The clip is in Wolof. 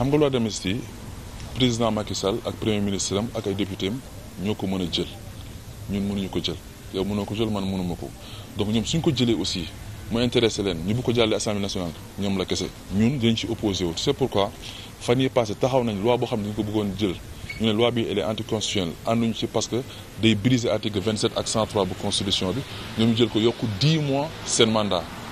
xam nga loi d'amnistie président Macky Sall ak premier ministre ak ay député ñoo ko mën a jël ñun mënuñu ko jël yow mënoo ko jël man mënuma ko donc ñoom suñ ko jëlee aussi mu intéressé leen ñu bu ko jàllee assemblée nationale ñoom la kese ñun dañ ci opposé wu. c'est pourquoi fan yi passé taxaw nañ loi boo xam ne dañu ko bëggoon jël ñu ne loi bi elle est anticonstitutionnelle ànduñu ci parce que day briser article 27 ak 103 bu constitution bi ñoom ñu jël ko yokku 10 mois seen